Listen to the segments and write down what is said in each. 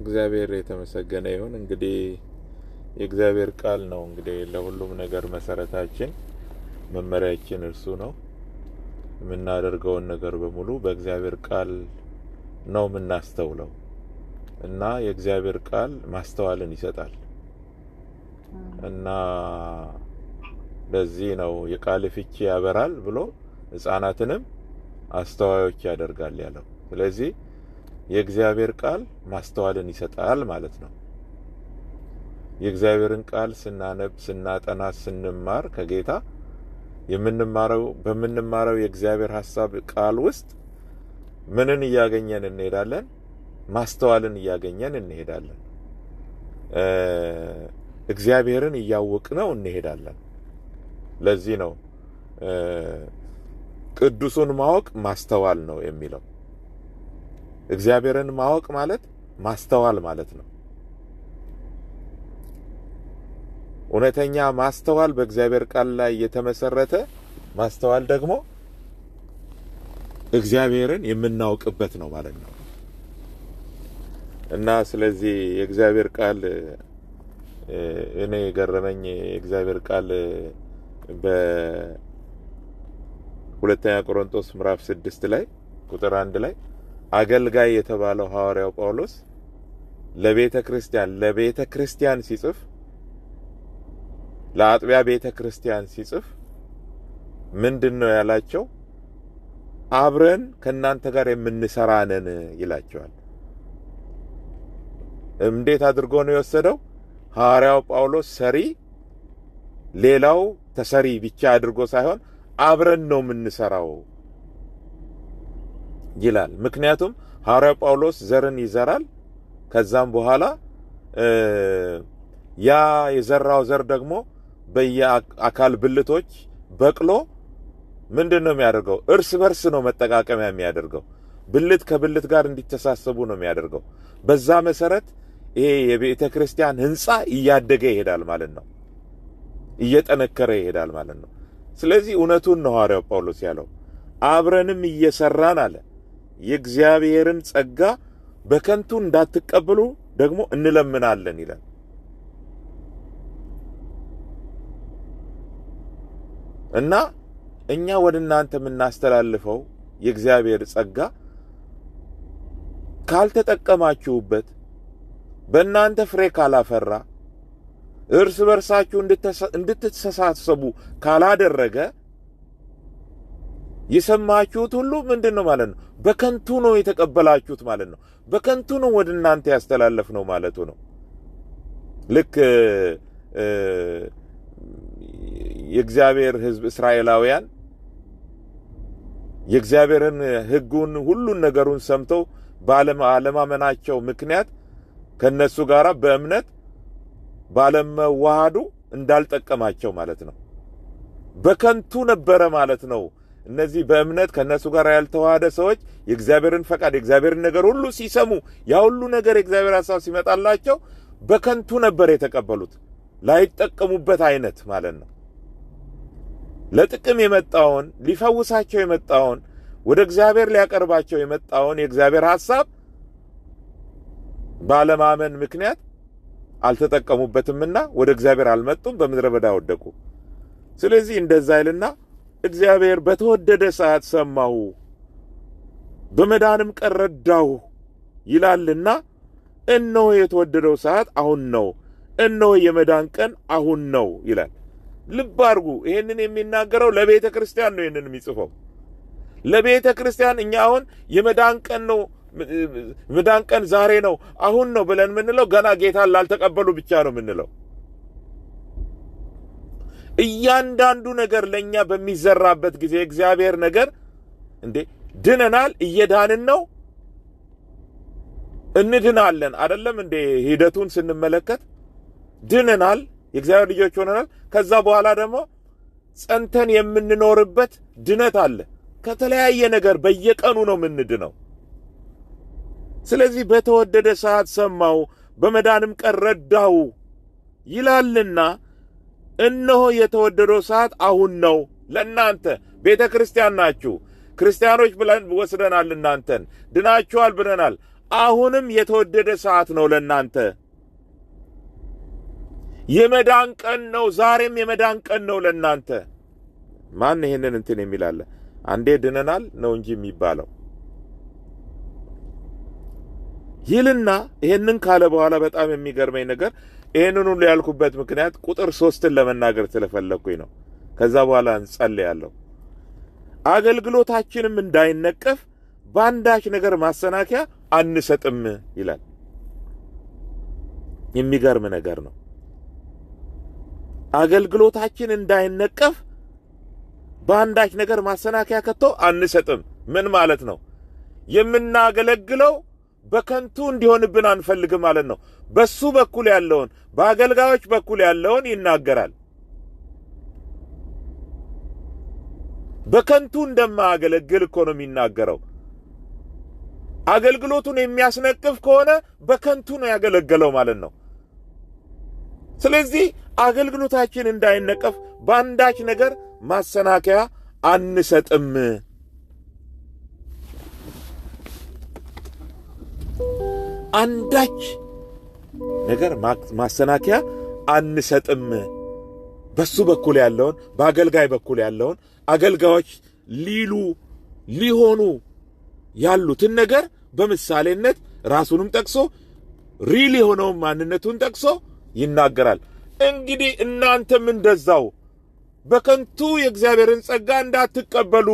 እግዚአብሔር የተመሰገነ ይሁን። እንግዲህ የእግዚአብሔር ቃል ነው እንግዲህ ለሁሉም ነገር መሰረታችን፣ መመሪያችን እርሱ ነው። የምናደርገውን ነገር በሙሉ በእግዚአብሔር ቃል ነው የምናስተውለው እና የእግዚአብሔር ቃል ማስተዋልን ይሰጣል እና ለዚህ ነው የቃል ፍቺ ያበራል ብሎ ሕፃናትንም አስተዋዮች ያደርጋል ያለው። ስለዚህ የእግዚአብሔር ቃል ማስተዋልን ይሰጣል ማለት ነው። የእግዚአብሔርን ቃል ስናነብ፣ ስናጠና፣ ስንማር ከጌታ የምንማረው በምንማረው የእግዚአብሔር ሀሳብ ቃል ውስጥ ምንን እያገኘን እንሄዳለን? ማስተዋልን እያገኘን እንሄዳለን። እግዚአብሔርን እያወቅነው እንሄዳለን። ለዚህ ነው ቅዱሱን ማወቅ ማስተዋል ነው የሚለው። እግዚአብሔርን ማወቅ ማለት ማስተዋል ማለት ነው። እውነተኛ ማስተዋል በእግዚአብሔር ቃል ላይ የተመሰረተ ማስተዋል ደግሞ እግዚአብሔርን የምናውቅበት ነው ማለት ነው እና ስለዚህ የእግዚአብሔር ቃል እኔ የገረመኝ የእግዚአብሔር ቃል በሁለተኛ ቆሮንቶስ ምዕራፍ ስድስት ላይ ቁጥር አንድ ላይ አገልጋይ የተባለው ሐዋርያው ጳውሎስ ለቤተ ክርስቲያን ለቤተ ክርስቲያን ሲጽፍ ለአጥቢያ ቤተ ክርስቲያን ሲጽፍ ምንድን ነው ያላቸው? አብረን ከእናንተ ጋር የምንሰራ ነን ይላቸዋል። እንዴት አድርጎ ነው የወሰደው? ሐዋርያው ጳውሎስ ሰሪ፣ ሌላው ተሰሪ ብቻ አድርጎ ሳይሆን አብረን ነው የምንሰራው ይላል። ምክንያቱም ሐዋርያው ጳውሎስ ዘርን ይዘራል። ከዛም በኋላ ያ የዘራው ዘር ደግሞ በየአካል ብልቶች በቅሎ ምንድን ነው የሚያደርገው? እርስ በርስ ነው መጠቃቀሚያ የሚያደርገው። ብልት ከብልት ጋር እንዲተሳሰቡ ነው የሚያደርገው። በዛ መሰረት ይሄ የቤተ ክርስቲያን ሕንፃ እያደገ ይሄዳል ማለት ነው፣ እየጠነከረ ይሄዳል ማለት ነው። ስለዚህ እውነቱን ነው ሐዋርያው ጳውሎስ ያለው አብረንም እየሰራን አለ የእግዚአብሔርን ጸጋ በከንቱ እንዳትቀበሉ ደግሞ እንለምናለን ይላል። እና እኛ ወደ እናንተ የምናስተላልፈው የእግዚአብሔር ጸጋ ካልተጠቀማችሁበት፣ በእናንተ ፍሬ ካላፈራ፣ እርስ በርሳችሁ እንድትተሳሰቡ ካላደረገ የሰማችሁት ሁሉ ምንድን ነው ማለት ነው? በከንቱ ነው የተቀበላችሁት ማለት ነው። በከንቱ ነው ወደ እናንተ ያስተላለፍ ነው ማለቱ ነው። ልክ የእግዚአብሔር ሕዝብ እስራኤላውያን የእግዚአብሔርን ሕጉን ሁሉን ነገሩን ሰምተው ባለማመናቸው ምክንያት ከነሱ ጋር በእምነት ባለመዋሃዱ እንዳልጠቀማቸው ማለት ነው። በከንቱ ነበረ ማለት ነው እነዚህ በእምነት ከእነሱ ጋር ያልተዋሃደ ሰዎች የእግዚአብሔርን ፈቃድ የእግዚአብሔርን ነገር ሁሉ ሲሰሙ ያ ሁሉ ነገር የእግዚአብሔር ሀሳብ ሲመጣላቸው በከንቱ ነበር የተቀበሉት። ላይጠቀሙበት አይነት ማለት ነው። ለጥቅም የመጣውን ሊፈውሳቸው የመጣውን ወደ እግዚአብሔር ሊያቀርባቸው የመጣውን የእግዚአብሔር ሀሳብ ባለማመን ምክንያት አልተጠቀሙበትምና ወደ እግዚአብሔር አልመጡም፣ በምድረ በዳ ወደቁ። ስለዚህ እንደዛ ይልና እግዚአብሔር በተወደደ ሰዓት ሰማሁ፣ በመዳንም ቀን ረዳሁ ይላልና እነሆ የተወደደው ሰዓት አሁን ነው፣ እነሆ የመዳን ቀን አሁን ነው ይላል። ልብ አድርጉ። ይህንን የሚናገረው ለቤተ ክርስቲያን ነው። ይህንን የሚጽፈው ለቤተ ክርስቲያን። እኛ አሁን የመዳን ቀን ነው፣ መዳን ቀን ዛሬ ነው፣ አሁን ነው ብለን የምንለው ገና ጌታን ላልተቀበሉ ብቻ ነው የምንለው። እያንዳንዱ ነገር ለእኛ በሚዘራበት ጊዜ እግዚአብሔር ነገር እንዴ ድነናል፣ እየዳንን ነው፣ እንድናለን። አደለም እንዴ ሂደቱን ስንመለከት ድነናል፣ የእግዚአብሔር ልጆች ሆነናል። ከዛ በኋላ ደግሞ ጸንተን የምንኖርበት ድነት አለ። ከተለያየ ነገር በየቀኑ ነው የምንድነው። ስለዚህ በተወደደ ሰዓት ሰማው፣ በመዳንም ቀን ረዳው ይላልና እነሆ የተወደደው ሰዓት አሁን ነው። ለእናንተ ቤተ ክርስቲያን ናችሁ፣ ክርስቲያኖች ብለን ወስደናል። እናንተን ድናችኋል ብለናል። አሁንም የተወደደ ሰዓት ነው ለእናንተ የመዳን ቀን ነው። ዛሬም የመዳን ቀን ነው ለእናንተ። ማን ይሄንን እንትን የሚላለ? አንዴ ድነናል ነው እንጂ የሚባለው ይልና ይሄንን ካለ በኋላ በጣም የሚገርመኝ ነገር ይህንን ሁሉ ያልኩበት ምክንያት ቁጥር ሶስትን ለመናገር ስለፈለግኩኝ ነው። ከዛ በኋላ እንጸልያለሁ። አገልግሎታችንም እንዳይነቀፍ በአንዳች ነገር ማሰናከያ አንሰጥም ይላል። የሚገርም ነገር ነው። አገልግሎታችን እንዳይነቀፍ በአንዳች ነገር ማሰናከያ ከቶ አንሰጥም። ምን ማለት ነው? የምናገለግለው በከንቱ እንዲሆንብን አንፈልግም ማለት ነው። በሱ በኩል ያለውን በአገልጋዮች በኩል ያለውን ይናገራል። በከንቱ እንደማያገለግል እኮ ነው የሚናገረው። አገልግሎቱን የሚያስነቅፍ ከሆነ በከንቱ ነው ያገለገለው ማለት ነው። ስለዚህ አገልግሎታችን እንዳይነቀፍ በአንዳች ነገር ማሰናከያ አንሰጥም። አንዳች ነገር ማሰናከያ አንሰጥም። በሱ በኩል ያለውን በአገልጋይ በኩል ያለውን አገልጋዮች ሊሉ ሊሆኑ ያሉትን ነገር በምሳሌነት ራሱንም ጠቅሶ ሪል የሆነውን ማንነቱን ጠቅሶ ይናገራል። እንግዲህ እናንተም እንደዛው በከንቱ የእግዚአብሔርን ጸጋ እንዳትቀበሉ።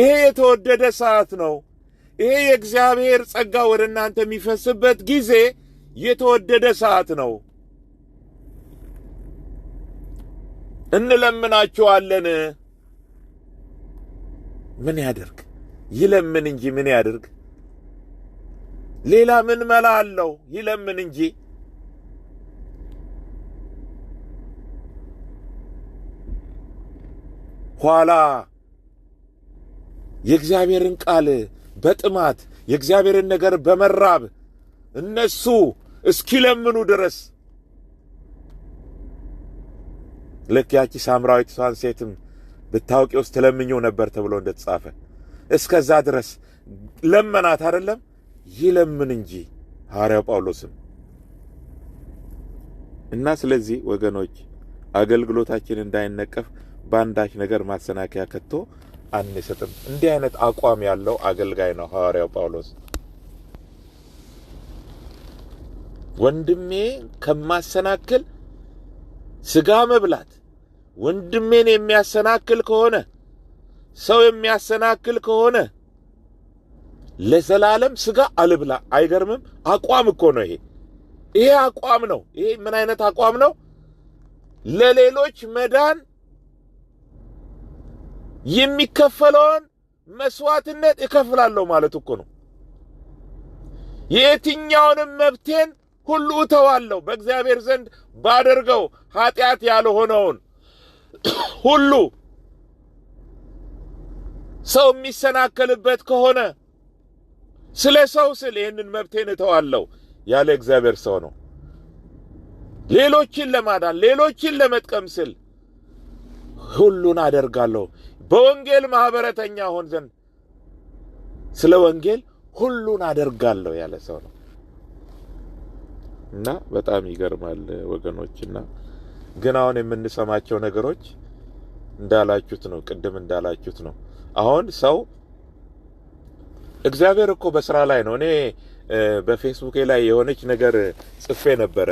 ይሄ የተወደደ ሰዓት ነው። ይሄ የእግዚአብሔር ጸጋ ወደ እናንተ የሚፈስበት ጊዜ የተወደደ ሰዓት ነው። እንለምናችኋለን። ምን ያደርግ? ይለምን እንጂ ምን ያደርግ? ሌላ ምን መላ አለው? ይለምን እንጂ ኋላ የእግዚአብሔርን ቃል በጥማት የእግዚአብሔርን ነገር በመራብ እነሱ እስኪለምኑ ድረስ ልክ ያቺ ሳምራዊት ሷን ሴትም ብታውቂ ውስጥ ትለምኘው ነበር ተብሎ እንደተጻፈ እስከዛ ድረስ ለመናት አይደለም ይለምን እንጂ ሐዋርያው ጳውሎስም እና ስለዚህ ወገኖች አገልግሎታችን እንዳይነቀፍ በአንዳች ነገር ማሰናከያ ከቶ አንሰጥም። እንዲህ አይነት አቋም ያለው አገልጋይ ነው ሐዋርያው ጳውሎስ። ወንድሜ ከማሰናክል ስጋ መብላት ወንድሜን የሚያሰናክል ከሆነ ሰው የሚያሰናክል ከሆነ ለዘላለም ስጋ አልብላ። አይገርምም? አቋም እኮ ነው ይሄ። ይሄ አቋም ነው። ይሄ ምን አይነት አቋም ነው? ለሌሎች መዳን የሚከፈለውን መስዋዕትነት እከፍላለሁ ማለት እኮ ነው። የየትኛውንም መብቴን ሁሉ እተዋለሁ በእግዚአብሔር ዘንድ ባደርገው ኃጢአት ያልሆነውን ሁሉ ሰው የሚሰናከልበት ከሆነ ስለ ሰው ስል ይህንን መብቴን እተዋለሁ ያለ እግዚአብሔር ሰው ነው። ሌሎችን ለማዳን ሌሎችን ለመጥቀም ስል ሁሉን አደርጋለሁ በወንጌል ማህበረተኛ ሆን ዘንድ ስለ ወንጌል ሁሉን አደርጋለሁ ያለ ሰው ነው እና በጣም ይገርማል ወገኖች። እና ግን አሁን የምንሰማቸው ነገሮች እንዳላችሁት ነው፣ ቅድም እንዳላችሁት ነው። አሁን ሰው እግዚአብሔር እኮ በስራ ላይ ነው። እኔ በፌስቡኬ ላይ የሆነች ነገር ጽፌ ነበረ።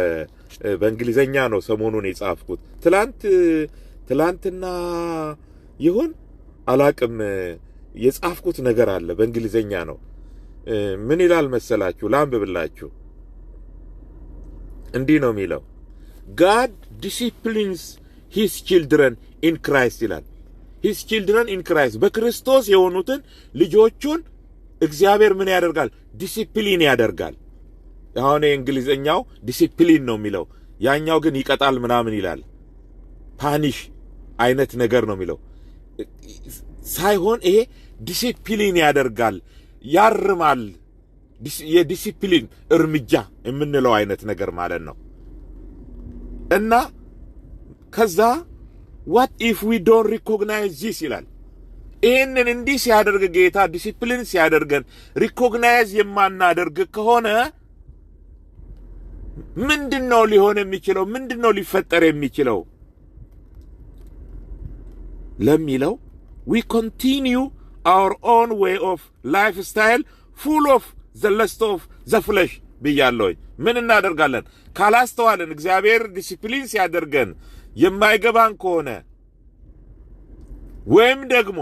በእንግሊዘኛ ነው ሰሞኑን የጻፍኩት። ትላንት ትላንትና ይሁን አላቅም የጻፍኩት ነገር አለ። በእንግሊዘኛ ነው። ምን ይላል መሰላችሁ? ላንብብላችሁ። እንዲህ ነው የሚለው ጋድ ዲሲፕሊንስ ሂስ ችልድረን ኢን ክራይስት ይላል። ሂስ ችልድረን ኢን ክራይስት በክርስቶስ የሆኑትን ልጆቹን እግዚአብሔር ምን ያደርጋል? ዲሲፕሊን ያደርጋል። አሁን የእንግሊዝኛው ዲሲፕሊን ነው የሚለው፣ ያኛው ግን ይቀጣል ምናምን ይላል። ፓኒሽ አይነት ነገር ነው የሚለው ሳይሆን ይሄ ዲሲፕሊን ያደርጋል፣ ያርማል። የዲሲፕሊን እርምጃ የምንለው አይነት ነገር ማለት ነው። እና ከዛ ዋት ኢፍ ዊ ዶን ሪኮግናይዝ ዚስ ይላል። ይህንን እንዲህ ሲያደርግ ጌታ ዲሲፕሊን ሲያደርገን ሪኮግናይዝ የማናደርግ ከሆነ ምንድን ነው ሊሆን የሚችለው? ምንድን ነው ሊፈጠር የሚችለው? ለሚለው ዊ ኮንቲኒው አወር ኦን ዌይ ኦፍ ላይፍ ስታይል ፉል ኦፍ ዘ ለስት ኦፍ ዘ ፍለሽ ብያለሁኝ። ምን እናደርጋለን? ካላስተዋልን እግዚአብሔር ዲሲፕሊን ሲያደርገን የማይገባን ከሆነ ወይም ደግሞ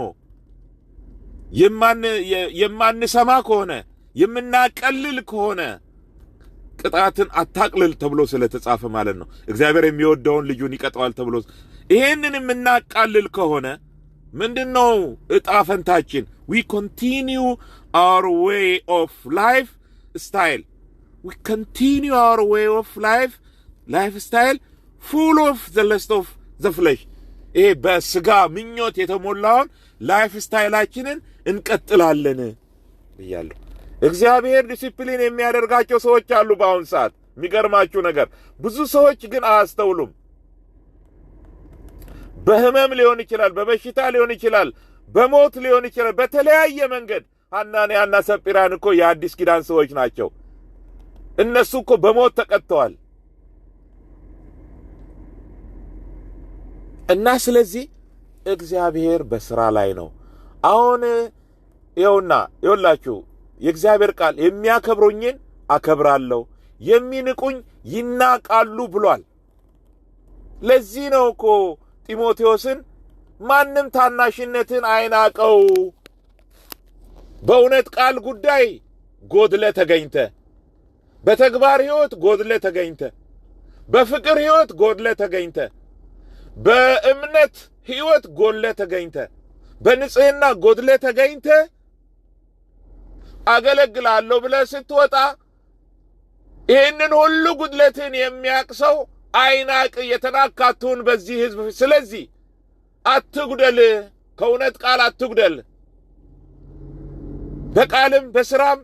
የማንሰማ ከሆነ የምናቀልል ከሆነ ቅጣትን አታቅልል ተብሎ ስለተጻፈ ማለት ነው። እግዚአብሔር የሚወደውን ልጁን ይቀጠዋል ተብሎ ይሄንን የምናቃልል ከሆነ ምንድን ነው እጣ ፈንታችን? ዊ ኮንቲኒዩ አወር ዌይ ኦፍ ላይፍ ስታይል ዊ ኮንቲኒው አወር ዌይ ኦፍ ላይፍ ላይፍ ስታይል ፉል ኦፍ ዘ ለስት ኦፍ ዘ ፍለሽ ይሄ በስጋ ምኞት የተሞላውን ላይፍ ስታይላችንን እንቀጥላለን ብያለሁ። እግዚአብሔር ዲሲፕሊን የሚያደርጋቸው ሰዎች አሉ በአሁን ሰዓት። የሚገርማችሁ ነገር ብዙ ሰዎች ግን አያስተውሉም። በህመም ሊሆን ይችላል፣ በበሽታ ሊሆን ይችላል፣ በሞት ሊሆን ይችላል። በተለያየ መንገድ ሐናንያና ሰጲራን እኮ የአዲስ ኪዳን ሰዎች ናቸው። እነሱ እኮ በሞት ተቀጥተዋል እና ስለዚህ እግዚአብሔር በስራ ላይ ነው። አሁን ይኸውና ይኸውላችሁ የእግዚአብሔር ቃል የሚያከብሩኝን አከብራለሁ፣ የሚንቁኝ ይናቃሉ ብሏል። ለዚህ ነው እኮ ጢሞቴዎስን ማንም ታናሽነትን አይናቀው፣ በእውነት ቃል ጉዳይ ጎድለ ተገኝተ፣ በተግባር ሕይወት ጎድለ ተገኝተ፣ በፍቅር ሕይወት ጎድለ ተገኝተ፣ በእምነት ሕይወት ጎድለ ተገኝተ፣ በንጽሕና ጎድለ ተገኝተ አገለግላለሁ ብለ ስትወጣ ይህንን ሁሉ ጉድለትን የሚያቅሰው አይናቅ የተናካቱን በዚህ ህዝብ። ስለዚህ አትጉደል፣ ከእውነት ቃል አትጉደል። በቃልም በስራም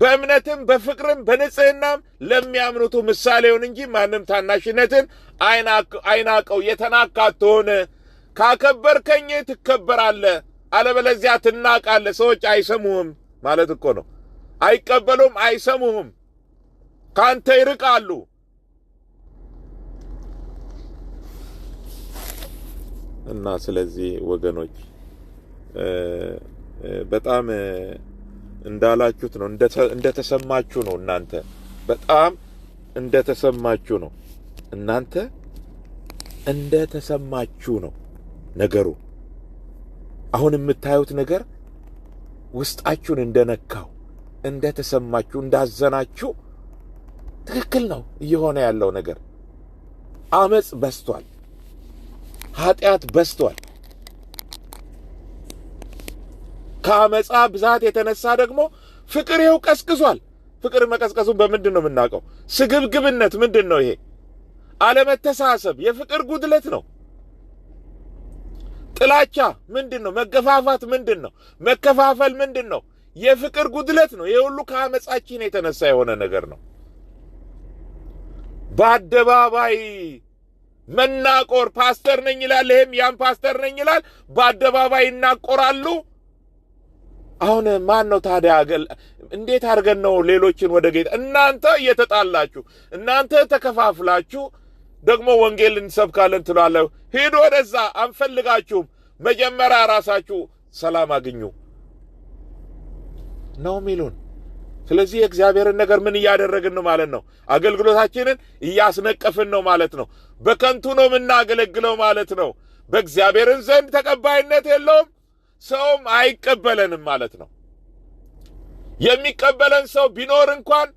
በእምነትም በፍቅርም በንጽህናም ለሚያምኑቱ ምሳሌውን እንጂ ማንም ታናሽነትን አይናቀው። የተናካ ካከበርከኝ ትከበራለ አለበለዚያ ትናቃለ ሰዎች አይሰሙህም ማለት እኮ ነው። አይቀበሉም፣ አይሰሙህም፣ ካንተ ይርቃሉ። እና ስለዚህ ወገኖች በጣም እንዳላችሁት ነው፣ እንደተሰማችሁ ነው። እናንተ በጣም እንደተሰማችሁ ነው። እናንተ እንደተሰማችሁ ነው ነገሩ። አሁን የምታዩት ነገር ውስጣችሁን እንደነካው፣ እንደተሰማችሁ፣ እንዳዘናችሁ ትክክል ነው እየሆነ ያለው ነገር። አመፅ በስቷል። ኃጢአት በስቷል። ከአመፃ ብዛት የተነሳ ደግሞ ፍቅር ይኸው ቀስቅሷል። ፍቅር መቀስቀሱን በምንድን ነው የምናውቀው? ስግብግብነት ምንድን ነው ይሄ? አለመተሳሰብ የፍቅር ጉድለት ነው። ጥላቻ ምንድን ነው? መገፋፋት ምንድን ነው? መከፋፈል ምንድን ነው? የፍቅር ጉድለት ነው። የሁሉ ከአመፃችን የተነሳ የሆነ ነገር ነው። በአደባባይ መናቆር ፓስተር ነኝ ይላል፣ ይሄም ያም ፓስተር ነኝ ይላል። በአደባባይ ይናቆራሉ። አሁን ማን ነው ታዲያ? እንዴት አድርገን ነው ሌሎችን ወደ ጌታ? እናንተ እየተጣላችሁ፣ እናንተ ተከፋፍላችሁ ደግሞ ወንጌል እንሰብካለን ትሏለሁ። ሂዱ ወደዛ፣ አንፈልጋችሁም። መጀመሪያ ራሳችሁ ሰላም አግኙ ነው ሚሉን። ስለዚህ የእግዚአብሔርን ነገር ምን እያደረግን ነው ማለት ነው? አገልግሎታችንን እያስነቀፍን ነው ማለት ነው። በከንቱ ነው የምናገለግለው ማለት ነው። በእግዚአብሔርን ዘንድ ተቀባይነት የለውም፣ ሰውም አይቀበለንም ማለት ነው። የሚቀበለን ሰው ቢኖር እንኳን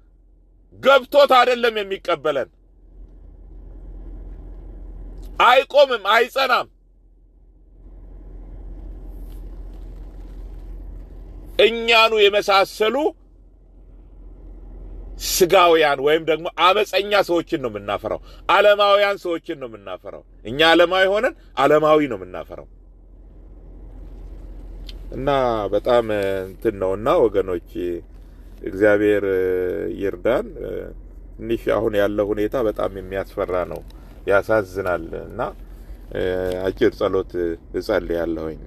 ገብቶት አይደለም የሚቀበለን። አይቆምም፣ አይጸናም። እኛኑ የመሳሰሉ ስጋውያን ወይም ደግሞ አመፀኛ ሰዎችን ነው የምናፈራው። አለማውያን ሰዎችን ነው የምናፈራው። እኛ አለማዊ ሆነን አለማዊ ነው የምናፈራው እና በጣም እንትን እና ወገኖች እግዚአብሔር ይርዳን። ትንሽ አሁን ያለው ሁኔታ በጣም የሚያስፈራ ነው፣ ያሳዝናል። እና አጭር ጸሎት እጸልያለሁኝ።